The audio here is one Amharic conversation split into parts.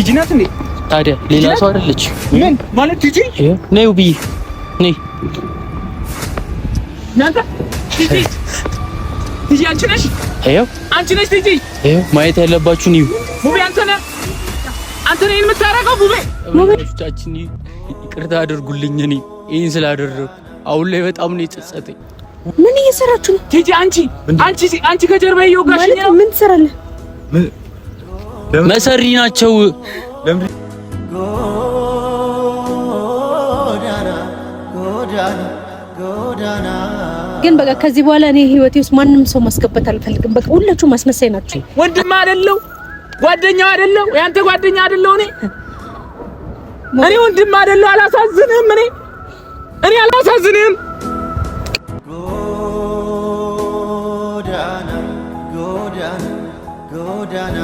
ቲጂ ናት እንዴ? ታዲያ ሌላ ሰው አይደለች? ምን ማለት ቲጂ ነው? ቢ ነይ አንቺ ነሽ? አንቺ ነሽ ቲጂ። ማየት ያለባችሁን እዩ። አንተ ነህ አንተ ነህ የምታረገው ይቅርታ አድርጉልኝ እኔ ይህን ስላደረኩ አሁን ላይ በጣም ነው የጸጸተኝ። ምን እየሰራችሁ ነው? ቲጂ አንቺ አንቺ አንቺ ከጀርባ እየወጋሽኝ ነው። ምን ትሰራለህ? መሰሪ ናቸው። ግን በቃ ከዚህ በኋላ እኔ ህይወቴ ውስጥ ማንም ሰው ማስገባት አልፈልግም። በቃ ሁላችሁ ማስመሳይ ናችሁ። ወንድም አይደለው፣ ጓደኛው አይደለው፣ ያንተ ጓደኛ አይደለው። እኔ እኔ ወንድም አይደለው። አላሳዝንም። እኔ እኔ አላሳዝንም። ጎዳና ጎዳና ጎዳና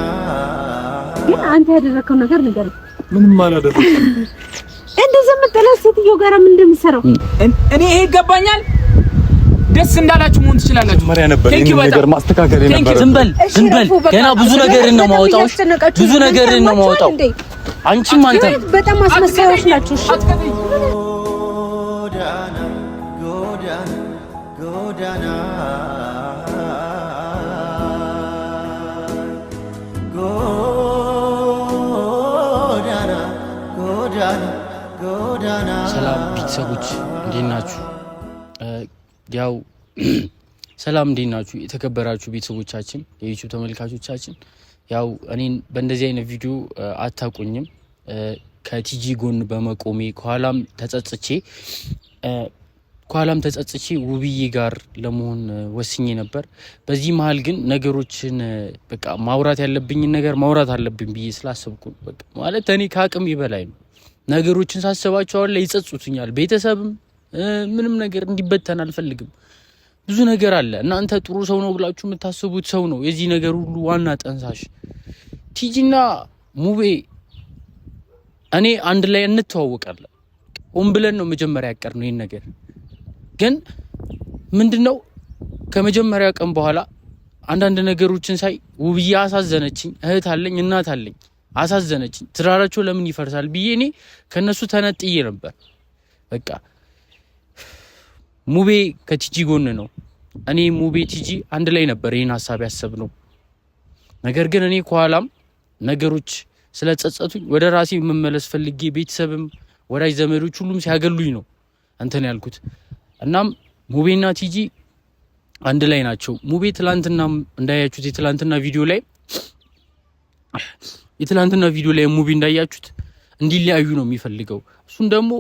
ግን አንተ ያደረከው ነገር ነገር ምንም አላደረኩም። እንደዚህ የምትላት ሴትዮ ጋር ምን እንደምሰራው እኔ ይሄ ይገባኛል። ደስ እንዳላችሁ መሆን ትችላላችሁ። ነገር ማስተካከል የነበረ ዝም በል ዝም በል። ገና ብዙ ነገርን ነው ማወጣው፣ ብዙ ነገርን ነው ማወጣው። አንቺም አንተ በጣም አስመሳዮች ናችሁ። እሺ ሰላም ቤተሰቦች እንዴት ናችሁ? ያው ሰላም እንዴት ናችሁ? የተከበራችሁ ቤተሰቦቻችን፣ የዩቱብ ተመልካቾቻችን፣ ያው እኔን በእንደዚህ አይነት ቪዲዮ አታቁኝም። ከቲጂ ጎን በመቆሜ ከኋላም ተጸጽቼ ከኋላም ተጸጽቼ ውብዬ ጋር ለመሆን ወስኜ ነበር። በዚህ መሀል ግን ነገሮችን በቃ ማውራት ያለብኝን ነገር ማውራት አለብኝ ብዬ ስላሰብኩ ማለት እኔ ከአቅም በላይ ነው ነገሮችን ሳስባቸው አሁን ላይ ይጸጹትኛል። ቤተሰብም ምንም ነገር እንዲበተን አልፈልግም። ብዙ ነገር አለ። እናንተ ጥሩ ሰው ነው ብላችሁ የምታስቡት ሰው ነው የዚህ ነገር ሁሉ ዋና ጠንሳሽ። ቲጂና ሙቤ እኔ አንድ ላይ እንተዋወቃለን። ሆን ብለን ነው መጀመሪያ ያቀር ነው ይህን ነገር ግን ምንድን ነው ከመጀመሪያ ቀን በኋላ አንዳንድ ነገሮችን ሳይ ውብዬ አሳዘነችኝ። እህት አለኝ እናት አለኝ አሳዘነችኝ። ትዳራቸው ለምን ይፈርሳል ብዬ እኔ ከነሱ ተነጥዬ ነበር። በቃ ሙቤ ከቲጂ ጎን ነው። እኔ ሙቤ፣ ቲጂ አንድ ላይ ነበር ይህን ሀሳብ ያሰብነው። ነገር ግን እኔ ከኋላም ነገሮች ስለጸጸቱኝ ወደ ራሴ የምመለስ ፈልጌ ቤተሰብም ወዳጅ ዘመዶች ሁሉም ሲያገሉኝ ነው እንትን ያልኩት። እናም ሙቤና ቲጂ አንድ ላይ ናቸው። ሙቤ ትላንትና እንዳያችሁት የትላንትና ቪዲዮ ላይ የትናንትና ቪዲዮ ላይ ሙቪ እንዳያችሁት እንዲለያዩ ነው የሚፈልገው። እሱን ደግሞ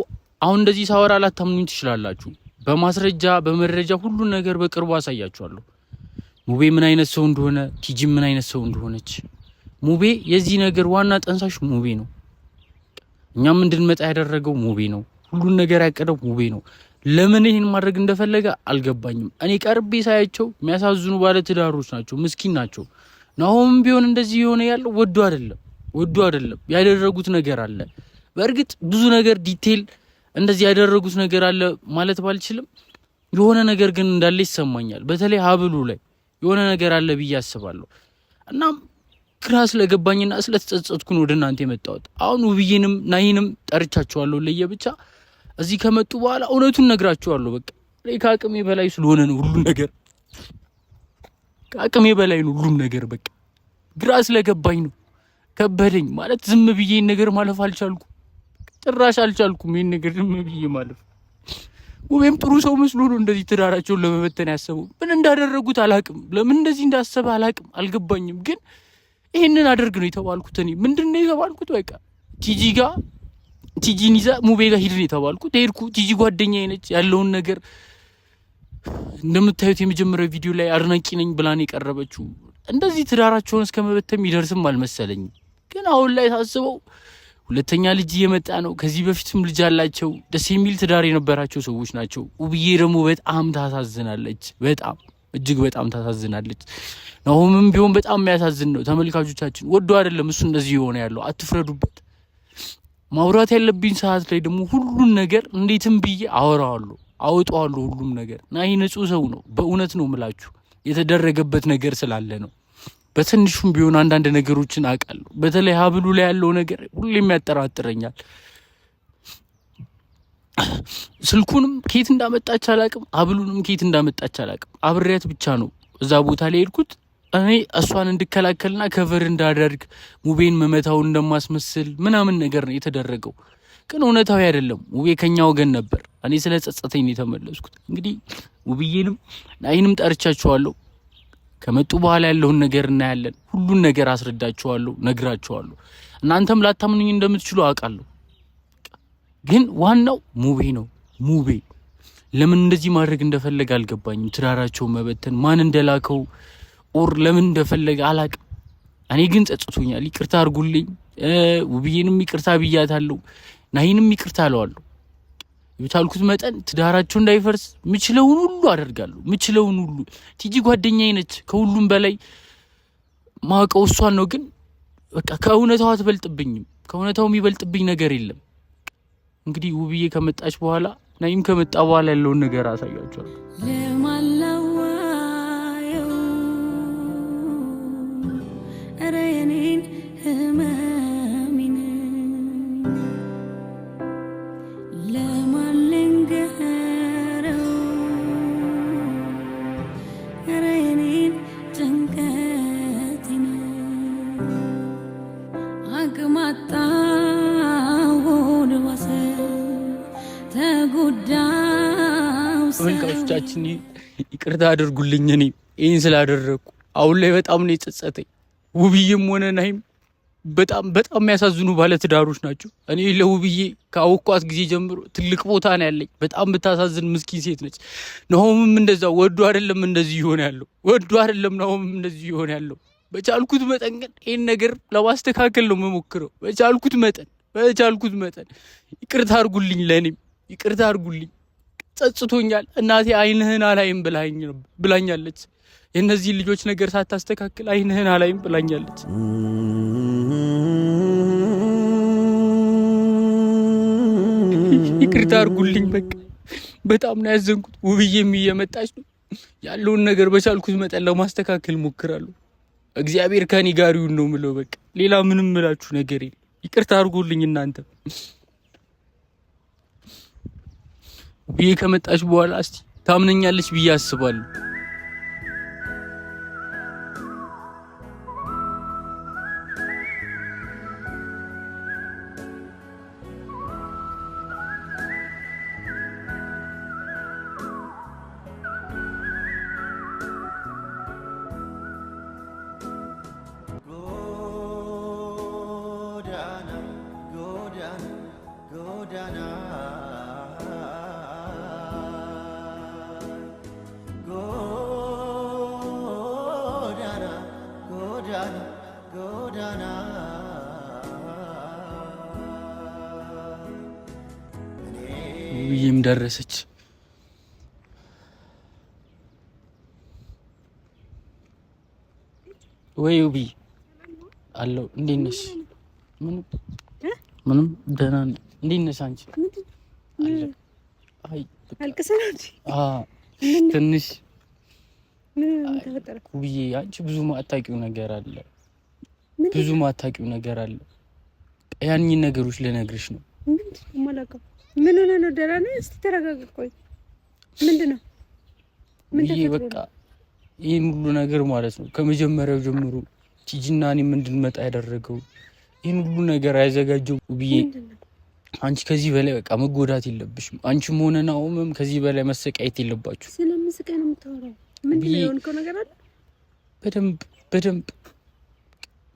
አሁን እንደዚህ ሳወራ ላታምኑኝ ትችላላችሁ። በማስረጃ በመረጃ ሁሉን ነገር በቅርቡ አሳያችኋለሁ። ሙቤ ምን አይነት ሰው እንደሆነ፣ ቲጂ ምን አይነት ሰው እንደሆነች። ሙቤ የዚህ ነገር ዋና ጠንሳሽ ሙቤ ነው። እኛም እንድንመጣ ያደረገው ሙቤ ነው። ሁሉን ነገር ያቀደው ሙቤ ነው። ለምን ይህን ማድረግ እንደፈለገ አልገባኝም። እኔ ቀርቤ ሳያቸው የሚያሳዝኑ ባለትዳሮች ናቸው፣ ምስኪን ናቸው። ናሆም ቢሆን እንደዚህ የሆነ ያለው ወዶ አይደለም ወዱ አይደለም ያደረጉት ነገር አለ። በእርግጥ ብዙ ነገር ዲቴል እንደዚህ ያደረጉት ነገር አለ ማለት ባልችልም የሆነ ነገር ግን እንዳለ ይሰማኛል። በተለይ ሀብሉ ላይ የሆነ ነገር አለ ብዬ አስባለሁ። እናም ግራ ስለገባኝና ስለተጸጸትኩን ወደ እናንተ የመጣሁት አሁን ውብዬንም ናይንም ጠርቻቸዋለሁ ለየብቻ። እዚህ ከመጡ በኋላ እውነቱን ነግራቸዋለሁ። በቃ ከአቅሜ በላይ ስለሆነ ነው ሁሉም ነገር ከአቅሜ በላይ ነው ሁሉም ነገር በቃ ግራ ስለገባኝ ነው። ከበደኝ ማለት ዝም ብዬ ነገር ማለፍ አልቻልኩም። ጭራሽ አልቻልኩም ይህን ነገር ዝም ብዬ ማለፍ። ውቤም ጥሩ ሰው መስሎ ነው እንደዚህ ትዳራቸውን ለመበተን ያሰቡ። ምን እንዳደረጉት አላቅም፣ ለምን እንደዚህ እንዳሰበ አላቅም፣ አልገባኝም። ግን ይህንን አደርግ ነው የተባልኩት። እኔ ምንድን ነው የተባልኩት? በቃ ቲጂ ጋ ቲጂን ይዛ ሙቤ ጋ ሂድን የተባልኩት። ሄድኩ። ቲጂ ጓደኛ ነች። ያለውን ነገር እንደምታዩት የመጀመሪያው ቪዲዮ ላይ አድናቂ ነኝ ብላን የቀረበችው እንደዚህ ትዳራቸውን እስከ መበተን ይደርስም አልመሰለኝም። ግን አሁን ላይ ሳስበው ሁለተኛ ልጅ እየመጣ ነው። ከዚህ በፊትም ልጅ አላቸው። ደስ የሚል ትዳር የነበራቸው ሰዎች ናቸው። ውብዬ ደግሞ በጣም ታሳዝናለች። በጣም እጅግ በጣም ታሳዝናለች። ናሆምም ቢሆን በጣም የሚያሳዝን ነው። ተመልካቾቻችን ወዶ አይደለም እሱ እንደዚህ የሆነ ያለው አትፍረዱበት። ማውራት ያለብኝ ሰዓት ላይ ደግሞ ሁሉን ነገር እንዴትም ብዬ አወራዋለሁ፣ አወጣዋለሁ ሁሉም ነገር እና ይህ ንጹህ ሰው ነው። በእውነት ነው ምላችሁ የተደረገበት ነገር ስላለ ነው። በትንሹም ቢሆን አንዳንድ ነገሮችን አውቃለሁ። በተለይ ሀብሉ ላይ ያለው ነገር ሁሌም ያጠራጥረኛል። ስልኩንም ከየት እንዳመጣች አላቅም፣ ሀብሉንም ከየት እንዳመጣች አላቅም። አብሬያት ብቻ ነው እዛ ቦታ ላይ ሄድኩት። እኔ እሷን እንድከላከልና ከቨር እንዳደርግ ሙቤን መመታው እንደማስመስል ምናምን ነገር ነው የተደረገው። ግን እውነታዊ አይደለም። ውቤ ከኛ ወገን ነበር። እኔ ስለ ጸጸተኝ የተመለስኩት። እንግዲህ ውብዬንም ናይንም ጠርቻችኋለሁ። ከመጡ በኋላ ያለውን ነገር እናያለን። ሁሉን ነገር አስረዳችኋለሁ፣ ነግራችኋለሁ። እናንተም ላታምኑኝ እንደምትችሉ አውቃለሁ፣ ግን ዋናው ሙቤ ነው። ሙቤ ለምን እንደዚህ ማድረግ እንደፈለገ አልገባኝም። ትዳራቸው መበተን ማን እንደላከው ኦር ለምን እንደፈለገ አላቅም። እኔ ግን ጸጽቶኛል። ይቅርታ አድርጉልኝ። ውብዬንም ይቅርታ ብያታለሁ። ናሂንም ይቅርታ አለዋለሁ። በቻልኩት መጠን ትዳራቸው እንዳይፈርስ ምችለውን ሁሉ አደርጋለሁ። ምችለውን ሁሉ ቲጂ ጓደኛዬ ነች። ከሁሉም በላይ ማውቀው እሷን ነው። ግን በቃ ከእውነታው አትበልጥብኝም። ከእውነታው የሚበልጥብኝ ነገር የለም። እንግዲህ ውብዬ ከመጣች በኋላ ናይም ከመጣ በኋላ ያለውን ነገር አሳያቸዋል። ቤተሰቦቻችን ይቅርታ አድርጉልኝ። እኔ ይህን ስላደረግኩ አሁን ላይ በጣም ነው የጸጸተኝ። ውብዬም ሆነ ናይም በጣም በጣም የሚያሳዝኑ ባለትዳሮች ናቸው። እኔ ለውብዬ ከአወኳት ጊዜ ጀምሮ ትልቅ ቦታ ነው ያለኝ። በጣም ብታሳዝን ምስኪን ሴት ነች። ናሆምም እንደዛ ወዱ አይደለም እንደዚህ ይሆን ያለው ወዱ አይደለም ናሆምም እንደዚህ ይሆን ያለው። በቻልኩት መጠን ግን ይህን ነገር ለማስተካከል ነው የምሞክረው። በቻልኩት መጠን በቻልኩት መጠን ይቅርታ አድርጉልኝ፣ ለእኔም ይቅርታ አድርጉልኝ። ጸጽቶኛል። እናቴ አይንህን አላይም ብላኛለች። የእነዚህ ልጆች ነገር ሳታስተካክል አይንህን አላይም ብላኛለች። ይቅርታ አድርጉልኝ። በቃ በጣም ነው ያዘንኩት። ውብዬ የሚየመጣች ነው ያለውን ነገር በቻልኩት መጠን ለማስተካከል ሞክራለሁ። እግዚአብሔር ከኔ ጋር ይሁን ነው ምለው። በቃ ሌላ ምንም ምላችሁ ነገር ይቅርታ አርጉልኝ እናንተ ብዬ ከመጣች በኋላ እስቲ ታምነኛለች ብዬ አስባለሁ። ደረሰች። ወይ ውቢ አለው። እንዴት ነሽ? ምንም ምንም ደህና ነኝ። እንዴት ነሽ አንቺ? አይ ትንሽ ውብዬ፣ አንቺ ብዙ ማታውቂው ነገር አለ፣ ብዙ ማታውቂው ነገር አለ። ያንኝ ነገሮች ልነግርሽ ነው። ምን ሆነ ነው? ደህና ነህ? እስቲ ተረጋጋ። ቆይ ምንድን ነው ይሄ? በቃ ይህን ሁሉ ነገር ማለት ነው ከመጀመሪያው ጀምሮ ቲጂና እኔም እንድንመጣ ያደረገው ይህን ሁሉ ነገር ያዘጋጀው ብዬ አንቺ ከዚህ በላይ በቃ መጎዳት የለብሽም። አንቺም ሆነ ናኦምም ከዚህ በላይ መሰቃየት የለባችሁ። ነው የምታወራው ምንድን ነው? የሆንከው ነገር አለ። በደንብ በደንብ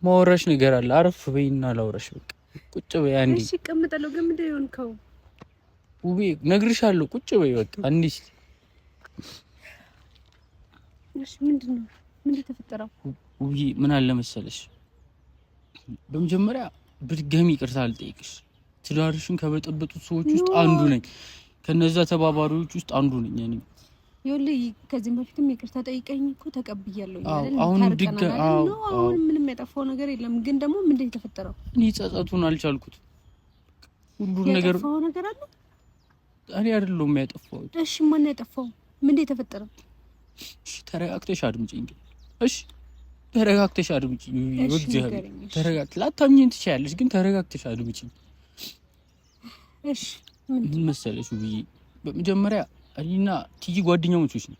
ማወራሽ ነገር አለ። አረፍ በይና ላውራሽ። በቃ ቁጭ በይ አንዴ። እሺ እቀምጣለሁ። ግን ምንድን ነው የሆንከው? ውቤ ነግርሻለሁ። ቁጭ በይ በቃ። አንዲስ። እሺ። ምንድን ነው ተፈጠረው? ምን አለ መሰለሽ፣ በመጀመሪያ በድጋሚ ይቅርታ አልጠይቅሽ። ትዳርሽን ከበጠበጡት ሰዎች ውስጥ አንዱ ነኝ፣ ከነዛ ተባባሪዎች ውስጥ አንዱ ነኝ። እኔ ይኸውልህ ከዚህም በፊትም ይቅርታ ጠይቀኝ እኮ ተቀብያለሁ። አሁን አሁን ምንም ያጠፋው ነገር የለም። ግን ደግሞ ምንድን የተፈጠረው? እኔ ጸጸቱን አልቻልኩት። ሁሉን ነገር ነገር አለ እኔ አይደለሁም ያጠፋሁት። እሺ ማን ያጠፋው? ምንድን የተፈጠረው? እሺ ተረጋግተሽ አድምጪኝ። እሺ ተረጋግተሽ አድምጪኝ። እግዚአብሔር ተረጋግተሽ ላታምኚኝ ትችያለሽ፣ ግን ተረጋግተሽ አድምጪኝ። እሺ ምን መሰለሽ ውብዬ፣ በመጀመሪያ እኔና ትይ ጓደኛሞች ነው፣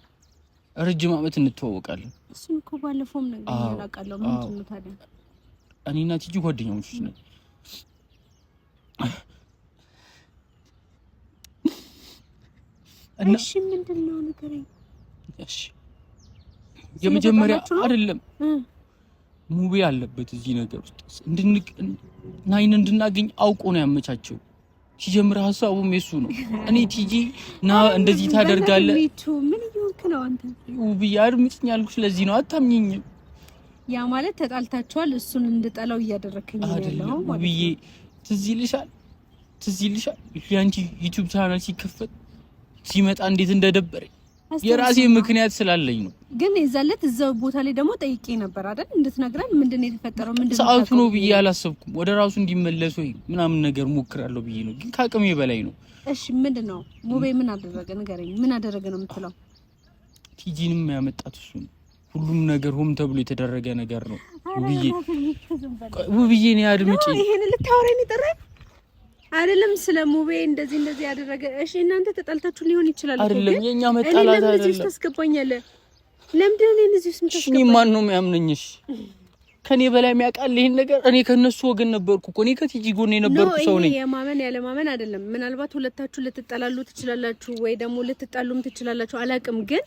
ረጅም ዓመት እንተዋወቃለን። እሱን እኮ ባለፈውም ነገር እናውቃለሁ። ምንድን ነው ታዲያ? እኔና ትይ ጓደኛሞች ነው እሺ ምንድን ነው ንገረኝ። እሺ የመጀመሪያ አይደለም ሙቤ አለበት እዚህ ነገር ውስጥ እንድንቅ ናይን እንድናገኝ አውቆ ነው ያመቻቸው። ሲጀምር ሀሳቡም የሱ ነው። እኔ ቲጂ ና እንደዚህ ምን እየሆንክ ነው አንተ? ነው ያ ማለት ተጣልታችኋል። እሱን እንድጠላው እያደረከኝ ነው። ውብዬ ትዝ ይልሻል፣ ትዝ ይልሻል ቻናል ሲከፈት ሲመጣ እንዴት እንደደበረኝ የራሴ ምክንያት ስላለኝ ነው። ግን የዛለት እዛው ቦታ ላይ ደግሞ ጠይቄ ነበር አይደል እንድትነግረን ምንድን ነው የተፈጠረው፣ ምንድን ነው ሰዓቱ ነው ብዬ አላሰብኩም። ወደ ራሱ እንዲመለስ ወይ ምናምን ነገር ሞክራለሁ ብዬ ነው፣ ግን ከአቅሜ በላይ ነው። እሺ ምንድን ነው ሙቤ ምን አደረገ ንገረኝ። ምን አደረገ ነው የምትለው? ቲጂንም ያመጣት እሱ ነው። ሁሉም ነገር ሆም ተብሎ የተደረገ ነገር ነው። ውብዬ ውብዬ ነው ያድምጪ። ይሄን ልታወራኝ ነው አይደለም ስለ ሙቤ እንደዚህ እንደዚህ ያደረገ። እሺ እናንተ ተጠልታችሁ ሊሆን ይችላል። አይደለም የኛ መጣላት አይደለም። ታስገባኛለህ። ለምንድን ነው እዚህ ውስጥ ምታስገባኝ? እኔ ማን ነው የሚያምነኝሽ? ከኔ በላይ የሚያውቃል ይሄን ነገር። እኔ ከነሱ ወገን ነበርኩ እኮ እኔ ከቲጂ ጎን የነበርኩ ሰው ነኝ። የማመን ያለ ማመን አይደለም። ምናልባት ሁለታችሁ ልትጠላሉ ትችላላችሁ፣ ወይ ደግሞ ልትጣሉም ትችላላችሁ። አላውቅም ግን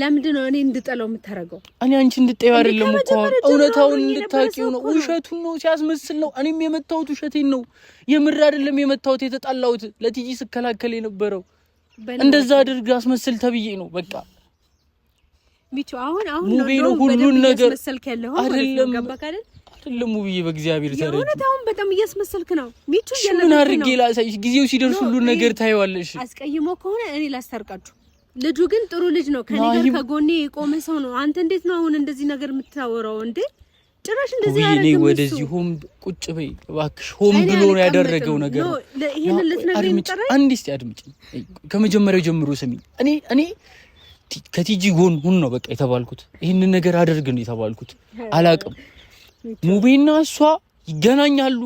ለምንድን ነው እኔ እንድጠለው የምታደርገው? እኔ አንቺ እንድጠይው አይደለም እኮ እውነታውን እንድታውቂው ነው። ውሸቱን ነው ሲያስመስል ነው። እኔም የመታሁት ውሸቴን ነው። የምር አይደለም የመታሁት የተጣላሁት ለቲጂ ስከላከል የነበረው እንደዛ አድርግ አስመስል ተብዬ ነው። በቃ ቢቹ አሁን አሁን ነው ሁሉን ነገር ያለው አይደለም አይደለም ውብዬ፣ በእግዚአብሔር ተረጂ። የእውነት አሁን በጣም እያስመሰልክ ነው ሚቹ። ምን አድርጌ ላሳይሽ? ጊዜው ሲደርስ ሁሉን ነገር ታይዋለሽ። አስቀይሞ ከሆነ እኔ ላስታርቃችሁ ልጁ ግን ጥሩ ልጅ ነው። ከነገር ከጎኔ የቆመ ሰው ነው። አንተ እንዴት ነው አሁን እንደዚህ ነገር የምታወራው እንዴ? ጭራሽ እንደዚህ ያደረገ ወደዚህ ሆም ቁጭ በይ እባክሽ። ሆም ብሎ ነው ያደረገው ነገር። ይሄን ልትነግሪኝ ጥራይ። አንድ እስቲ አድምጪ። ከመጀመሪያው ጀምሮ ስሚ። እኔ እኔ ከቲጂ ጎን ሁን ነው በቃ የተባልኩት። ይህንን ነገር አደርግ ነው የተባልኩት። አላቅም ሙቤና እሷ ይገናኛሉ፣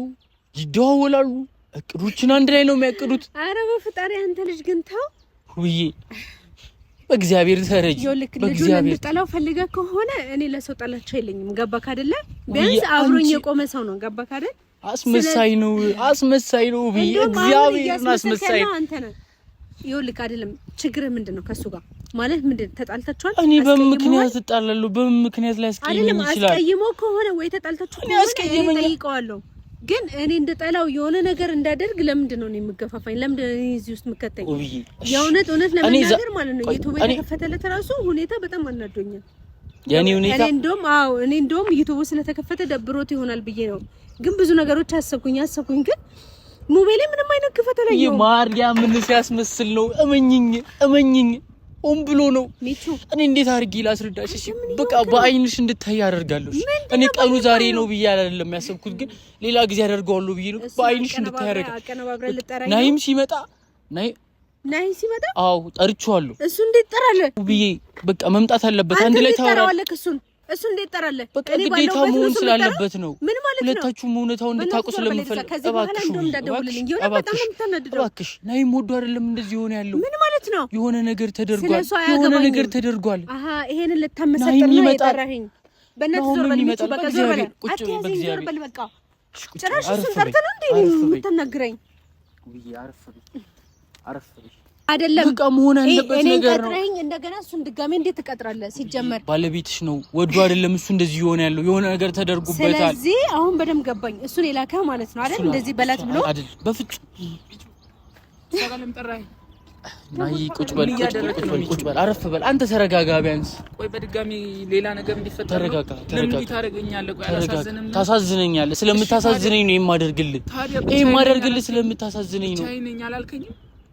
ይደዋወላሉ። እቅዶችን አንድ ላይ ነው የሚያቅዱት። አረ በፈጣሪ አንተ ልጅ ግን ተው ውዬ በእግዚአብሔር ተረጂ ይልክ ልጁን እንድጠላው ፈልገህ ከሆነ እኔ ለሰው ጠላቻ የለኝም። ገባክ አይደለ? ቢያንስ አብሮኝ የቆመ ሰው ነው። ገባክ አይደል? አስመሳይ ነው፣ አስመሳይ ነው። እግዚአብሔርን አስመሳይ ነው። አንተ ነህ ይኸውልህ፣ አይደለም ችግርህ ምንድን ነው? ከእሱ ጋር ማለት ምንድን ተጣልታችኋል? እኔ በምን ምክንያት እጣላለሁ? በምን ምክንያት ላይ አስቀይመኝ ይችላል? አይደለም አስቀይሞ ከሆነ ወይ ተጣልታችሁ ከሆነ እኔ እጠይቀዋለሁ ግን እኔ እንደጠላው የሆነ ነገር እንዳደርግ ለምንድን ነው የምገፋፋኝ? ለምንድን ነው እዚህ ውስጥ የምከተኝ? የእውነት እውነት ለመናገር ማለት ነው ዩቱብ የተከፈተለት ራሱ ሁኔታ በጣም አናዶኛል። የኔ ሁኔታ እኔ እንደውም አዎ እኔ እንደውም ዩቱብ ስለተከፈተ ደብሮት ይሆናል ብዬ ነው። ግን ብዙ ነገሮች አሰብኩኝ አሰብኩኝ ግን ሞባይሌ ምንም አይነት ክፈት ላይ ነው። ማርያም ምን ሲያስመስል ነው እመኝኝ እመኝኝ ኦም ብሎ ነው። እኔ እንዴት አድርጌ ላስረዳሽ? እሺ በቃ በአይንሽ እንድታይ አደርጋለሁ። እኔ ቀኑ ዛሬ ነው ብዬ አይደለም ያሰብኩት፣ ግን ሌላ ጊዜ አደርገዋለሁ ብዬ ነው። በአይንሽ እንድታይ አደርጋለሁ። ናይም ሲመጣ ናይ ናይ ሲመጣ አዎ ጠርቼዋለሁ። እሱ እንዴት ጠራለህ ብዬ በቃ መምጣት አለበት። አንድ ላይ ታወራለህ። እሱን እሱ እንዴት ጠራለህ? በቃ ግዴታ መሆን ስላለበት ነው። ምን ሁለታችሁም እውነታውን እንድታውቁ ስለምፈልግ እባክሽ እባክሽ እባክሽ ናይ ወዶ አይደለም እንደዚህ የሆነ ያለው ምን ማለት ነው? የሆነ ነገር ተደርጓል፣ የሆነ ነገር ተደርጓል። ይሄንን ልታመሰጥር ነው የጠራኸኝ? በእናትህ ዞር በል ሚቱ፣ በቃ ዞር በል አትያዘኝ፣ ዞር በል በቃ። ጭራሽ እሱን ጠርተህ ነው እንደ የምትናግረኝ? አረፍ በይ፣ አረፍ አይደለም በቃ መሆን ያለበት ነገር ነው። እኔ እንደገና እሱን ድጋሜ እንዴት ትቀጥራለህ? ሲጀመር ባለቤትሽ ነው ወዱ አይደለም እሱ እንደዚህ ይሆን ያለው የሆነ ነገር ተደርጉበታል። ስለዚህ አሁን በደንብ ገባኝ። እሱን የላከህ ማለት ነው አይደል? እንደዚህ በላት ብሎ አይደል? በፍጹም ናይ ቁጭ በል ቁጭ በል አረፍ በል አንተ ተረጋጋ። ቢያንስ ቆይ በድጋሚ ሌላ ነገር እንዲፈጠር ተረጋጋ። ተረጋጋ ታሳዝነኛለህ። ስለምታሳዝነኝ ነው የማደርግልህ። ይሄ የማደርግልህ ስለምታሳዝነኝ ነው።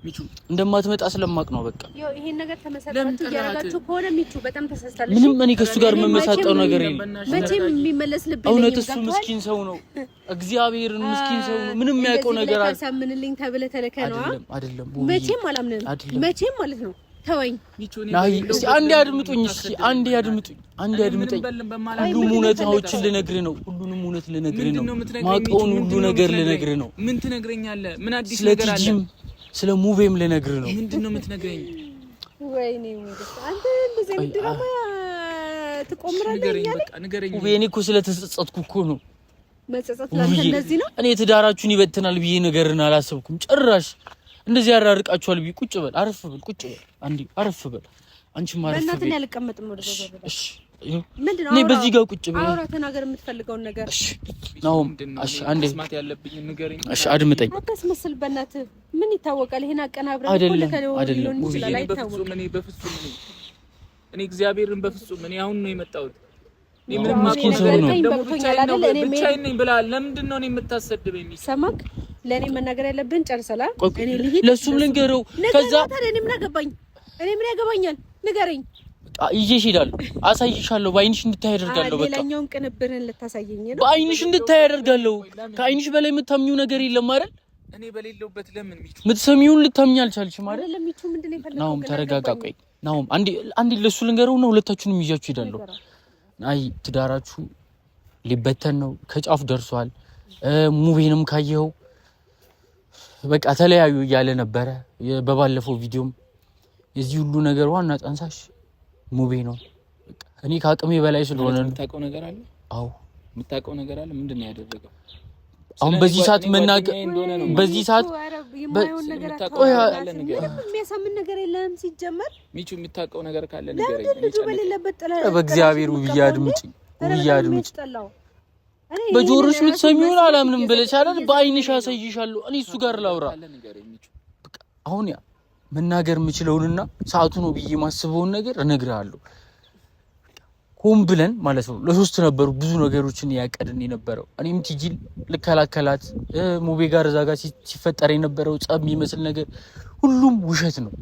ሚቹ እንደማትመጣ ስለማቅ ነው። በቃ ይሄን ነገር ተመሰጣችሁ እያደረጋችሁ ከሆነ ሚቹ በጣም ተሳስታለች። ምንም እኔ ከሱ ጋር መመሳጠው ነገር የለም። መቼም የሚመለስ ልብ የለም። እውነት እሱ ምስኪን ሰው ነው። እግዚአብሔርን ምስኪን ሰው ነው። ምንም የሚያውቀው ነገር አለ። ሳምንልኝ ተብለ ተለከ ነው። አይደለም መቼም አላምንም። መቼም ማለት ነው ተወኝ ናይ እስቲ አንዴ አድምጡኝ። እሺ አንዴ አድምጡኝ። አንዴ አድምጠኝ። ሁሉም እውነታዎችን ልነግርህ ነው። ሁሉንም እውነት ልነግርህ ነው። ማውቀውን ሁሉ ነገር ልነግርህ ነው። ምን ትነግረኛለህ? ምን አዲስ ነገር አለ? ስለ ሙቬም ልነግር ነው። ምንድን ነው የምትነግረኝ? ወይኔ እኔ እኮ ስለተጸጸትኩ እኮ ነው። መጸጸት ነው። እኔ ትዳራችሁን ይበትናል ብዬ ነገርን አላሰብኩም ጭራሽ። እንደዚህ ያራርቃችኋል ብዬ ቁጭ በል፣ አረፍ በል፣ ቁጭ በል፣ አንዴ አረፍ በል። በል። እናትን ያልቀመጥም እሺ እኔ በዚህ ጋር ቁጭ ብለህ አውራ ተናገር የምትፈልገውን ነገር። እሺ ነው። እሺ አንዴ መስማት ያለብኝ ንገረኝ። እሺ አድምጠኝ። መስል በእናት ምን ይታወቃል? ይሄን አቀናብረን አይደለም አይደለም። በፍጹም እኔ በፍጹም እኔ እኔ እግዚአብሔርን በፍጹም እኔ አሁን ነው የመጣሁት። እኔ ምንም ማቆም ሰው ነው ደግሞ ብቻዬን ነኝ ብለሃል። ለምንድን ነው እኔ የምታሰድበኝ? ሰማክ። ለእኔ መናገር ያለብን ጨርሰላል። እኔ ልሂድ፣ ለእሱም ልንገረው። ከዛ እኔ ምን አገባኝ? እኔ ምን ያገባኛል? ንገረኝ ይዤሽ እሄዳለሁ፣ አሳይሻለሁ። በአይንሽ እንድታይ አደርጋለሁ። በቃ ሌላኛውን ቅንብርህን ልታሳየኝ ነው። በአይንሽ እንድታይ አደርጋለሁ። ከአይንሽ በላይ የምታምኚው ነገር የለም አይደል? እኔ በሌለውበት ለምን ሚቱ የምትሰሚውን ልታምኚ አልቻልሽም አይደል? ናሁም ተረጋጋ። ቆይ ናሁም፣ አንዴ ለሱ ልንገረው ነው። ሁለታችሁንም ይዣችሁ እሄዳለሁ። አይ ትዳራችሁ ሊበተን ነው፣ ከጫፍ ደርሷል። ሙቤንም ካየኸው በቃ ተለያዩ እያለ ነበረ። በባለፈው ቪዲዮም የዚህ ሁሉ ነገር ዋና ጠንሳሽ ሙቪ ነው። እኔ ከአቅሜ በላይ ስለሆነ የምታውቀው ነገር አለ። አዎ የምታውቀው ነገር አለ። ምንድን ነው ያደረገው? አሁን በዚህ ሰዓት መናገር በዚህ ሰዓት የሚያሳምን ነገር የለም። ሲጀመር ሚቹ የምታውቀው ነገር ካለ ነገር በእግዚአብሔር ውብዬ አድምጪ፣ ውብዬ አድምጪ። በጆሮሽ የምትሰሚውን አላምንም ብለሽ አይደል? በአይንሽ አሳይሻለሁ። እኔ እሱ ጋር ላውራ አሁን ያ መናገር የምችለውንና ሰዓቱ ነው ብዬ የማስበውን ነገር እነግርሃለሁ። ሆን ብለን ማለት ነው ለሶስት ነበሩ ብዙ ነገሮችን ያቀድን የነበረው እኔም ቲጂን ልከላከላት ሙቤ ጋር እዛ ጋር ሲፈጠር የነበረው ጸብ የሚመስል ነገር ሁሉም ውሸት ነው።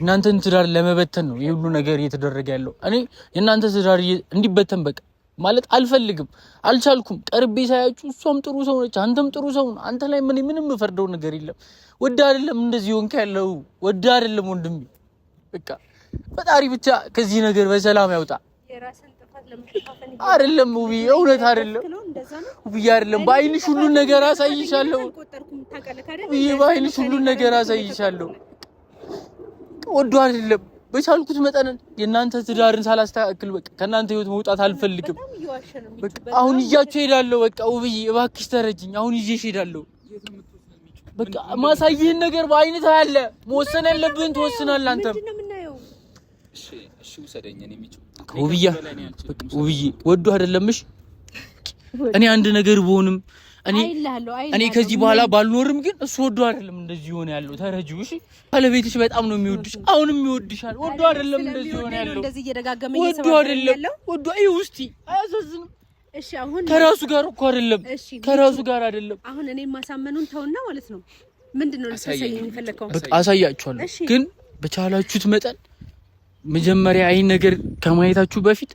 እናንተን ትዳር ለመበተን ነው ይህ ሁሉ ነገር እየተደረገ ያለው። እኔ የእናንተ ትዳር እንዲበተን በቃ ማለት አልፈልግም፣ አልቻልኩም። ቀርቤ ሳያችሁ እሷም ጥሩ ሰው ነች፣ አንተም ጥሩ ሰው ነው። አንተ ላይ ምን ምንም የምፈርደው ነገር የለም። ወደ አይደለም እንደዚህ ወንክ ያለው ወደ አይደለም ወንድሜ። በቃ ፈጣሪ ብቻ ከዚህ ነገር በሰላም ያውጣ። አይደለም ውብዬ፣ እውነት አይደለም ውብ አይደለም በአይንሽ ሁሉን ነገር አሳይሻለሁ ውብዬ፣ በአይንሽ ሁሉን ነገር አሳይሻለሁ። ወዶ አይደለም በቻልኩት መጠን የእናንተ ትዳርን ሳላስተካክል በቃ ከእናንተ ህይወት መውጣት አልፈልግም። አሁን ይዣችሁ ሄዳለሁ። በቃ ውብዬ እባክሽ ተረጅኝ። አሁን ይዤሽ ሄዳለሁ። በቃ ማሳይህን ነገር በአይነት አለ። መወሰን ያለብህን ትወስናለህ። አንተም ውብዬ ወዱ አይደለምሽ እኔ አንድ ነገር ብሆንም እኔ ከዚህ በኋላ ባልኖርም ግን እሱ ወዶ አይደለም እንደዚህ ሆነ ያለው። ተረጂ እሺ፣ ባለቤትሽ በጣም ነው የሚወድሽ፣ አሁንም ይወድሻል። ወዶ አይደለም እንደዚህ ሆነ ያለው። እንደዚህ እየደጋገመ ወዶ አይደለም ወዶ አይ ውስቲ አያሳዝንም። እሺ፣ አሁን ከራሱ ጋር እኮ አይደለም ከራሱ ጋር አይደለም። አሁን እኔ ማሳመኑን ተውና ማለት ነው ምንድነው ልትሰኝ የሚፈልገው? በቃ አሳያችኋለሁ። ግን በቻላችሁት መጠን መጀመሪያ አይ ነገር ከማየታችሁ በፊት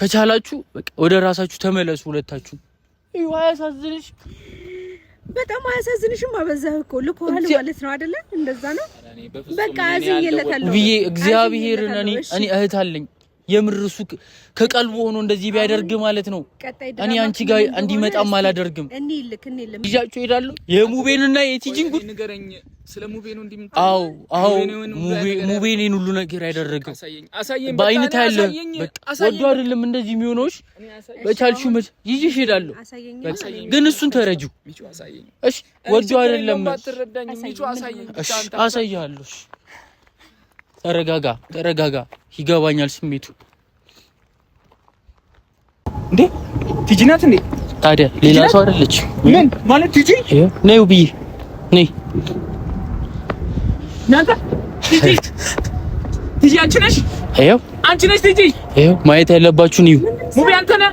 ከቻላችሁ ወደ ራሳችሁ ተመለሱ ሁለታችሁ ይኸው አያሳዝንሽ? በጣም አያሳዝንሽም? አበዛህ እኮ ልኮሃል ማለት ነው አይደለ? እንደዛ ነው በቃ። አዝኜለታለሁ ብዬ እግዚአብሔርን እኔ እህት አለኝ የምር እሱ ከቀልቡ ሆኖ እንደዚህ ቢያደርግ ማለት ነው እኔ አንቺ ጋር እንዲመጣም አላደርግም። ይዣቸው ይሄዳሉ። የሙቤንና የቲጂን ጉድ ንገረኝ። እንዲምጣ? አዎ አዎ፣ ሙቤ ሁሉ ነገር ያደረገው በአይነት ያለ ወዱ አይደለም እንደዚህ የሚሆነውሽ። በቻልሽው መች ይዤሽ ሄዳለሁ፣ ግን እሱን ተረጁ። እሺ ወዱ አይደለም አሳይሃለሁ። ተረጋጋ፣ ተረጋጋ ይገባኛል ስሜቱ። እንዴ ቲጂ ናት እንዴ? ታዲያ ሌላ ሰው አይደለች? ምን ማለት ቲጂ ነው ብዬ ነይ ናንተ ቲጂ አንቺ ነሽ? ይኸው አንቺ ነሽ ቲጂ። ይኸው ማየት ያለባችሁን እዩ። ሙቤ አንተ ነህ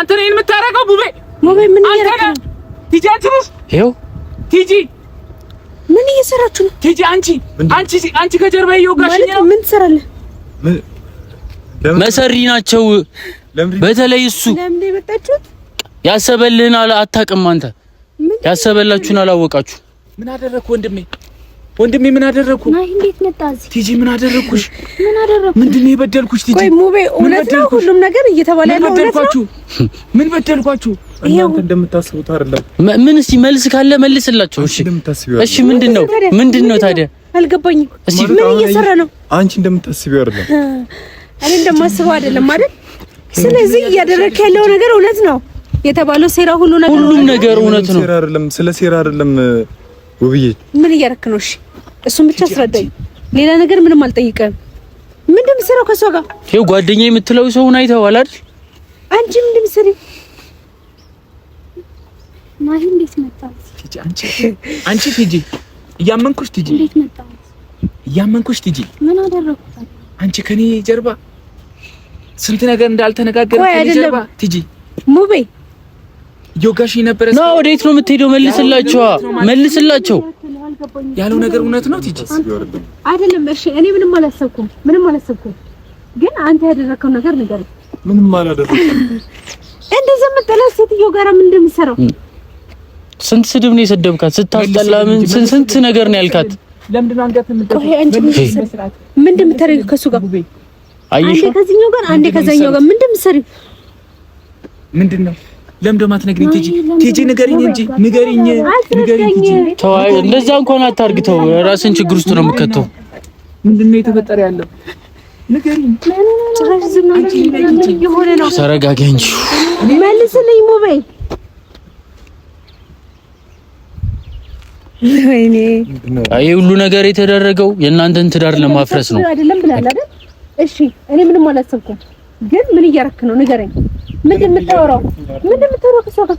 አንተ ነህ የምታረገው። ሙቤ ሙቤ ምን ያረጋል? ቲጂ አንቺ ነሽ? ይኸው ቲጂ ምን እየሰራችሁ ነው? ቲጂ አንቺ አንቺ አንቺ ከጀርባ እየወጋሽ ነው። ምን ትሰራለህ? መሰሪ ናቸው። በተለይ እሱ ያሰበልህን አታውቅም። አንተ ያሰበላችሁን አላወቃችሁ። ምን አደረግኩ ወንድሜ? ወንድሜ ምን አደረግኩ? እንዴት መጣህ? ቲጂ ምን አደረግኩሽ? ምን አደረግኩ? ምንድን ነው የበደልኩሽ? ቲጂ ቆይ፣ ሙቤ እውነት ነው ሁሉም ነገር እየተባለ ያለው እውነት ነው። ምን በደልኳችሁ? እናንተ እንደምታስቡት አይደለም። ምን እስቲ መልስ ካለ መልስላቸው። እሺ፣ እሺ። ምንድን ነው ምንድን ነው ታዲያ አልገባኝም። ምን እየሰራ ነው? አንቺ እንደምታስቢው አይደለም፣ እኔ እንደማስበው አይደለም ማለት። ስለዚህ እያደረክ ያለው ነገር እውነት ነው የተባለው ሴራ ሁሉ ነገር ሁሉም ነገር እውነት ነው። ሴራ አይደለም፣ ስለ ሴራ አይደለም። ውብዬ ምን እያደረክ ነው? እሺ እሱን ብቻ አስረዳኝ። ሌላ ነገር ምንም አልጠይቀም። ምንድን እንደምትሰራው ከሷ ጋር ይኸው ጓደኛ የምትለው ሰውን አይተኸዋል አይደል? አንቺ ምንድን እንደምትሰሪ ማሂ እንዴት መጣ? አንቺ አንቺ ሂጂ እያመንኩሽ ትጂ እንዴት መጣሁ? እያመንኩሽ ትጂ። ምን አደረኩ? አንቺ ከኔ ጀርባ ስንት ነገር እንዳልተነጋገረ ከኔ ጀርባ ትጂ ሙቤ ዮጋሽ ነበረ ነው። ወዴት ነው የምትሄደው? መልስላችኋ መልስላቸው። ያለው ነገር እውነት ነው ትጂ አይደለም። እሺ እኔ ምንም አላሰብኩም፣ ምንም አላሰብኩም። ግን አንተ ያደረከው ነገር ነገር ምንም አላደረኩም። እንደዚህ የምትጠላት ሴትዮ ጋራ ምን እንደምትሰራው ስንት ስድብ ነው የሰደብካት? ስታስጠላ ምን ስንት ነገር ነው ያልካት? ለምንድን ነው አንገት ቲጂ ቲጂ እንጂ ንገሪኝ፣ ተው እንደዛ እንኳን አታርግተው፣ ራስን ችግር ውስጥ ነው የምከተው። ምንድን ነው የተፈጠረ ያለው? ንገሪኝ። ጭራሽ ዝም መልስልኝ ሙቤ ይሄ ሁሉ ነገር የተደረገው የእናንተን ትዳር ለማፍረስ ነው አይደለም ብላል አይደል? እሺ፣ እኔ ምንም አላሰብኩም፣ ግን ምን እያረክ ነው? ንገረኝ። ምንድን የምታወራው? ምንድን የምታወራው ከሷ ጋር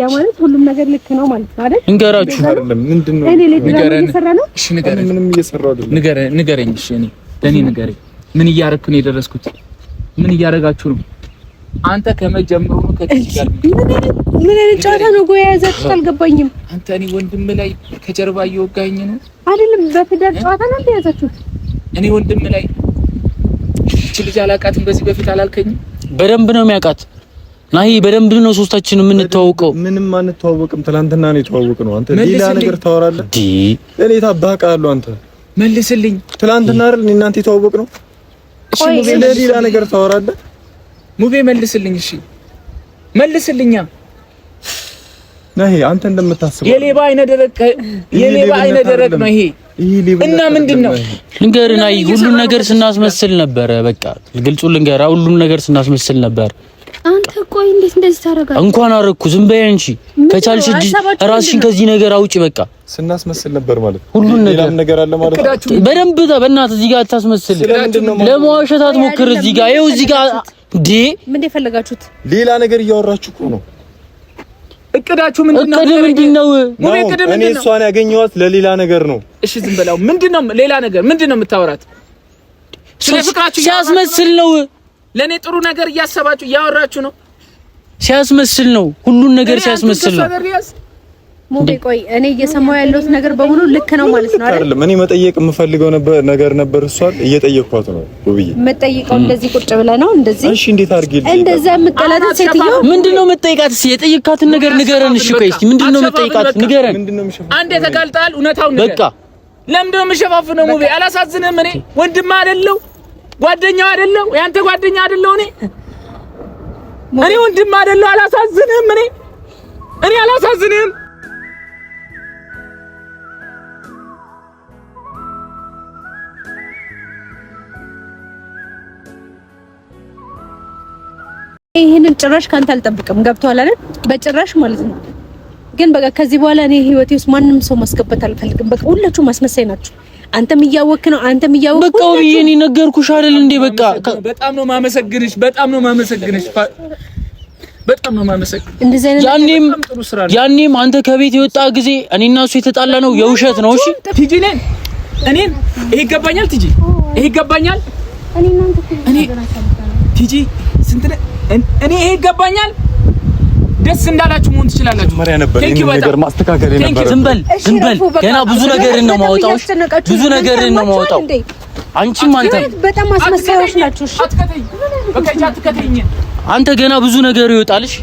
ያ ማለት ሁሉም ነገር ልክ ነው ማለት ነው አይደል? እንገራችሁ አይደለም ምንድነው? ነው? እኔ ለድራማ እየሰራ ነው። እሺ ንገረኝ። ምንም እየሰራው አይደለም። ንገረኝ፣ ንገረኝ። እሺ እኔ ለኔ ንገረኝ። ምን እያረግኩ ነው የደረስኩት? ምን እያረጋችሁ ነው? አንተ ከመጀመሩ ነው ከትጋር ምን አይነት ጨዋታ ነው ጎያ ያዛችሁ? አልገባኝም። አንተ እኔ ወንድም ላይ ከጀርባ እየወጋኝ ነው አይደለም? በትዳር ጨዋታ ነው ያዛችሁት። እኔ ወንድም ላይ እቺ ልጅ አላውቃትም። በዚህ በፊት አላልከኝም? በደንብ ነው የሚያውቃት ናይ በደንብ ነው ሶስታችን የምንተዋወቀው። ምንም አንተዋወቅም። ትናንትና ነው ነው። አንተ ሌላ ነገር ታወራለህ። ዲ እኔ ታባቃለሁ። አንተ መልስልኝ። ትናንትና አይደል እናንተ ነው። እሺ ሙቤ፣ ሌላ ነገር ታወራለህ። ሙቤ መልስልኝ። እሺ መልስልኛ። ነይ አንተ እንደምታስበው የሌባ አይነ ደረቅ የሌባ አይነ ደረቅ ነው ይሄ እና ምንድን ነው ልንገርህ፣ ናይ ሁሉን ነገር ስናስመስል ነበረ። በቃ ግልጹ ልንገርህ፣ ሁሉን ነገር ስናስመስል ነበር አንተ ቆይ እንዴት እንደዚህ ታደርጋለህ? እንኳን አደረግኩ ዝም በይ አንቺ። ከቻልሽ እጅ ራስሽን ከዚህ ነገር አውጪ። በቃ ስናስመስል ነበር ማለት ሁሉን ነገር ነገር አለ ማለት በደንብ በእናትህ እዚህ ጋር አታስመስል። ለመዋሸት አትሞክር። እዚህ ጋር ይኸው እዚህ ጋር እንዴ ምን የፈለጋችሁት ሌላ ነገር እያወራችሁ እኮ ነው። እቅዳችሁ ምንድነው? እቅድ ምንድነው? ሙቤ እቅድ ምንድነው? እኔ እሷን ያገኘኋት ለሌላ ነገር ነው። እሺ ዝም በላው። ምንድነው ሌላ ነገር ምንድነው የምታወራት? ስለ ፍቅራችሁ ሲያስመስል ነው ለእኔ ጥሩ ነገር እያሰባችሁ እያወራችሁ ነው። ሲያስመስል ነው፣ ሁሉን ነገር ሲያስመስል ነው። ሙቤ ቆይ፣ እኔ እየሰማሁ ያለሁት ነገር በሙሉ ልክ ነው ማለት ነው አይደል? እኔ መጠየቅ የምፈልገው ነበር ነገር ነበር እሷን እየጠየቅኳት ነው። ውብዬ መጠየቀው እንደዚህ ቁጭ ብለህ ነው እንደዚህ። እሺ፣ እንዴት አድርጌ እንደዛ የምጠላት ሴትዮ ምንድነው መጠየቃት? እሺ፣ የጠየቅካትን ነገር ንገረን። እሺ፣ ቆይ፣ እስኪ ምንድነው መጠየቃት? ንገረን። አንዴ ተጋልጣል፣ እውነታውን ንገረን በቃ። ለምንድነው የምሸፋፍነው? ሙቤ አላሳዝንም? እኔ ወንድም አይደለሁ ጓደኛው አይደለው? ያንተ ጓደኛ አይደለው? እኔ እኔ ወንድም አይደለው? አላሳዝንህም? እኔ እኔ አላሳዝንህም? ይህንን ጭራሽ ካንተ አልጠብቅም። ገብቶሃል አይደል? በጭራሽ ማለት ነው። ግን በቃ ከዚህ በኋላ እኔ ህይወቴ ውስጥ ማንም ሰው ማስገባት አልፈልግም። በቃ ሁላችሁ ማስመሳይ ናችሁ። አንተም እያወቅህ ነው። አንተም እያወቅህ በቃ ውብዬ፣ እኔ ነገርኩሽ አይደል እንዴ? በቃ በጣም ነው ማመሰግንሽ፣ በጣም ነው ማመሰግንሽ፣ በጣም ነው ማመሰግን። እንደዚህ አይነት ያኔም ያኔም አንተ ከቤት የወጣ ጊዜ እኔና እሱ የተጣላ ነው የውሸት ነው። እሺ ቲጂ ነን እኔን ይሄ ይገባኛል። ቲጂ ይሄ ይገባኛል። እኔ ቲጂ ስንት እኔ ይሄ ይገባኛል ደስ እንዳላችሁ መሆን ትችላላችሁ። ነገር ማስተካከል የነበረ ዝም በል ዝም በል። ገና ብዙ ነገር ነው ማወጣው፣ ብዙ ነገር ነው ማወጣው። አንቺም አንተ በጣም አስመሳዮች ናችሁ። እሺ አትከተኝ፣ በቃ አንተ ገና ብዙ ነገር ይወጣልሽ።